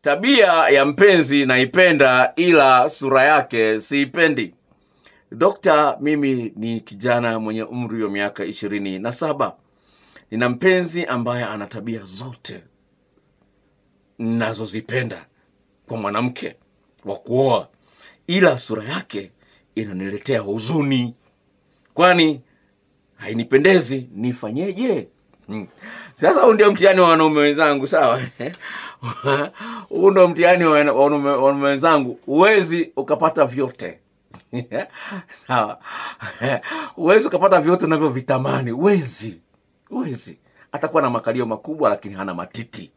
Tabia ya mpenzi naipenda, ila sura yake siipendi. Dokta, mimi ni kijana mwenye umri wa miaka ishirini na saba. Nina mpenzi ambaye ana tabia zote nazozipenda kwa mwanamke wa kuoa, ila sura yake inaniletea huzuni, kwani hainipendezi. Nifanyeje? Mm. Sasa huu ndio mtihani wa wanaume wenzangu, sawa? huu ndio mtihani wa wanaume wenzangu, huwezi ukapata vyote sawa. huwezi ukapata vyote unavyovitamani, huwezi, huwezi. Atakuwa na makalio makubwa, lakini hana matiti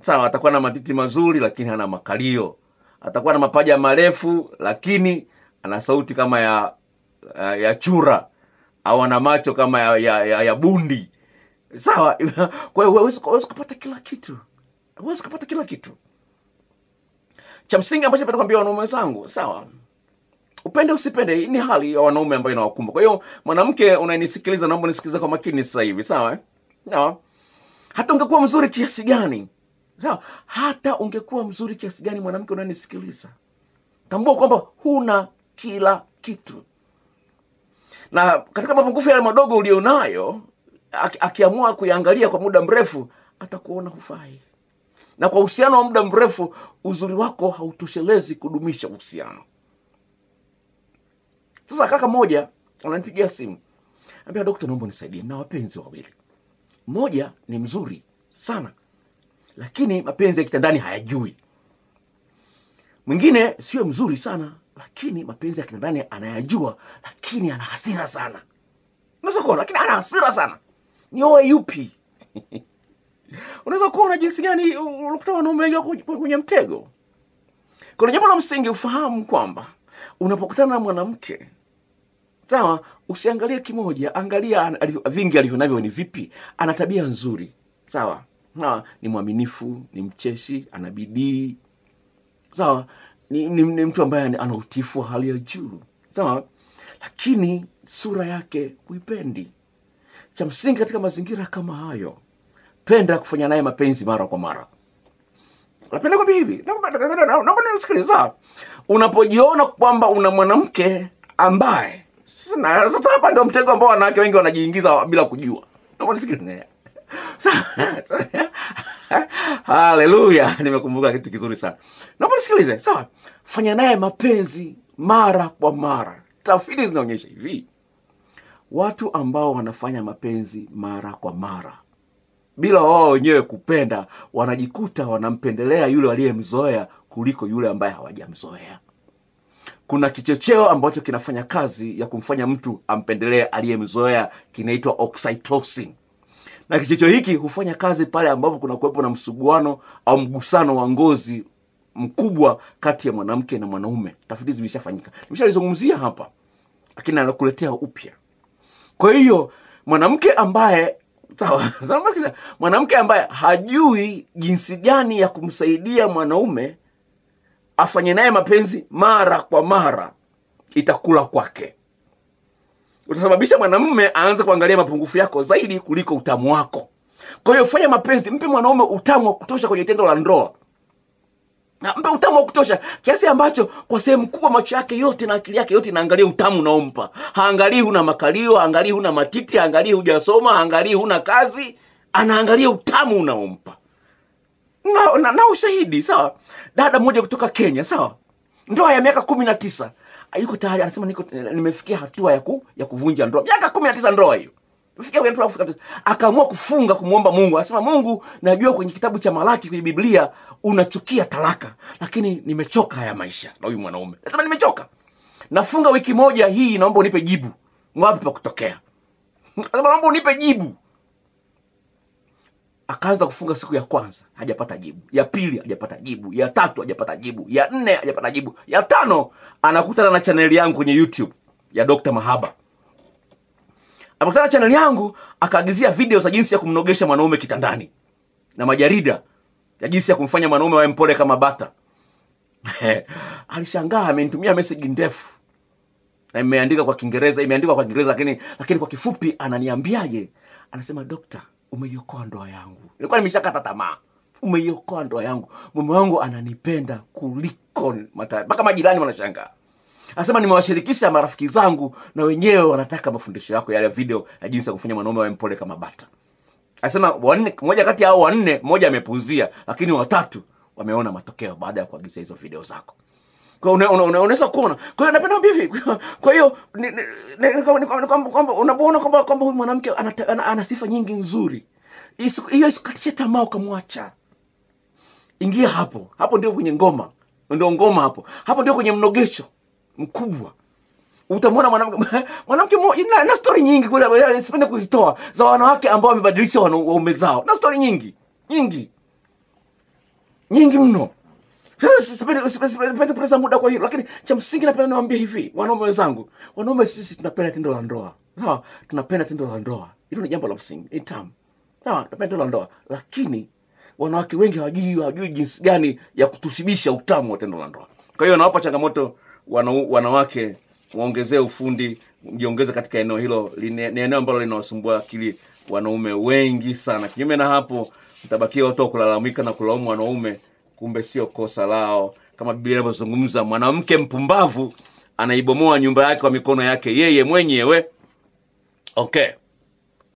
sawa. Atakuwa na matiti mazuri, lakini hana makalio. Atakuwa na mapaja marefu, lakini ana sauti kama ya ya chura hawana macho kama ya, ya, ya, ya bundi sawa kwa huwezi kupata kila kitu huwezi kupata kila kitu cha msingi ambacho pata kuambia wanaume zangu sawa upende usipende ni hali ya wanaume ambayo inawakumba kwa hiyo mwanamke unanisikiliza naomba nisikilize kwa makini sasa hivi sawa eh? sawa hata ungekuwa mzuri kiasi gani sawa hata ungekuwa mzuri kiasi gani mwanamke unanisikiliza tambua kwamba huna kila kitu na katika mapungufu yale madogo ulionayo akiamua kuyaangalia kwa muda mrefu atakuona hufai na kwa uhusiano wa muda mrefu uzuri wako hautoshelezi kudumisha uhusiano sasa kaka moja ananipigia simu ambia dokta naomba nisaidie na wapenzi wawili moja ni mzuri sana lakini mapenzi ya kitandani hayajui mwingine sio mzuri sana lakini mapenzi ya kina anayajua, lakini ana hasira sana. Unaweza kuona, lakini ana hasira sana. Nioe yupi? Unaweza kuona jinsi gani unakuta wanaume wengi kwenye mtego. Kuna jambo la msingi ufahamu kwamba unapokutana na mwanamke sawa, usiangalie kimoja, angalia vingi alivyo navyo ni vipi. Ana tabia nzuri, sawa, na ni mwaminifu, ni mcheshi, ana bidii, sawa ni, ni, ni mtu ambaye ana utifu wa hali ya juu sawa lakini sura yake huipendi cha msingi katika mazingira kama hayo penda kufanya naye mapenzi mara kwa mara napenda kwambia hivi naomba nisikiliza unapojiona kwamba una mwanamke ambaye sasa hapa ndio mtego ambao wanawake wengi wanajiingiza bila kujua naomba nisikiliza Haleluya, nimekumbuka kitu kizuri sana. Naomba nisikilize, sawa. Fanya naye mapenzi mara kwa mara. Tafiti zinaonyesha hivi, watu ambao wanafanya mapenzi mara kwa mara bila wao wenyewe kupenda, wanajikuta wanampendelea yule aliyemzoea kuliko yule ambaye hawajamzoea. Kuna kichocheo ambacho kinafanya kazi ya kumfanya mtu ampendelee aliyemzoea, kinaitwa oxytocin na kichocheo hiki hufanya kazi pale ambapo kuna kuwepo na msuguano au mgusano wa ngozi mkubwa kati ya mwanamke na mwanaume. Tafiti zimeshafanyika, nimeshalizungumzia hapa, lakini anakuletea upya. Kwa hiyo mwanamke ambaye mwanamke ambaye hajui jinsi gani ya kumsaidia mwanaume afanye naye mapenzi mara kwa mara, itakula kwake utasababisha mwanamume aanze kuangalia mapungufu yako zaidi kuliko utamu wako kwa hiyo fanya mapenzi mpe mwanaume utamu wa kutosha kwenye tendo la ndoa na mpe utamu wa kutosha kiasi ambacho kwa sehemu kubwa macho yake yote na akili yake yote inaangalia utamu unaompa haangalii huna makalio haangalii huna matiti haangalii hujasoma haangalii huna kazi anaangalia utamu unaompa na, na, na ushahidi sawa dada moja kutoka kenya sawa ndoa ya miaka kumi na tisa yuko tayari anasema niko nimefikia hatua ya, ku, ya kuvunja ndoa miaka kumi na tisa ndoa hiyo kwenye ndoa akaamua kufunga kumwomba Mungu anasema Mungu najua kwenye kitabu cha Malaki kwenye Biblia unachukia talaka lakini nimechoka haya maisha na huyu mwanaume anasema nimechoka nafunga wiki moja hii naomba unipe jibu wapi pa kutokea naomba unipe jibu akaanza kufunga siku ya kwanza hajapata jibu ya pili hajapata jibu ya tatu hajapata jibu ya nne hajapata jibu ya tano anakutana na chaneli yangu kwenye youtube ya dr mahaba amekutana na chaneli yangu akaagizia video za jinsi ya kumnogesha mwanaume kitandani na majarida ya jinsi ya kumfanya mwanaume wawe mpole kama bata alishangaa amenitumia meseji ndefu na imeandika kwa kiingereza imeandikwa kwa kiingereza lakini lakini kwa kifupi ananiambiaje anasema daktari umeiokoa ndoa yangu. Nilikuwa nimeshakata tamaa, umeiokoa ndoa yangu. Mume wangu ananipenda kuliko mpaka majirani wanashangaa. Anasema nimewashirikisha marafiki zangu na wenyewe wanataka mafundisho yako yale video ya jinsi ya kufanya mwanaume awe mpole kama bata. Anasema wanne, mmoja kati ya hao wanne, mmoja amepuuzia, lakini watatu wameona matokeo baada ya kuagiza hizo video zako unaweza kuona. Kwa hiyo napenda kwa hiyo kwamba kwamba huyu mwanamke ana sifa nyingi nzuri, hiyo isikatishe tamaa ukamwacha. Ingia hapo, hapo ndio kwenye ngoma, ndio ngoma hapo, hapo ndio kwenye mnogesho mkubwa utamwona mwanamke mwanamke na nyingi kule, eh, sipende kuzitoa za wanawake ambao wamebadilisha waume zao, na stori nyingi nyingi nyingi mno sipendi kupoteza muda kwa hilo lakini cha msingi napenda niwaambie hivi wanaume wenzangu wanaume sisi tunapenda tendo la ndoa sawa tunapenda tendo la ndoa hilo ni jambo la msingi ni tamu sawa tunapenda tendo la ndoa lakini wanawake wengi hawajui hawajui jinsi gani ya kutusibisha utamu wa tendo la ndoa kwa hiyo nawapa changamoto wanawake waongezee ufundi mjiongeze katika eneo hilo ni eneo ambalo linawasumbua akili wanaume wengi sana kinyume na hapo mtabakia watu wa kulalamika na kulaumu wanaume kumbe sio kosa lao kama biblia inavyozungumza mwanamke mpumbavu anaibomoa nyumba yake kwa mikono yake yeye mwenyewe okay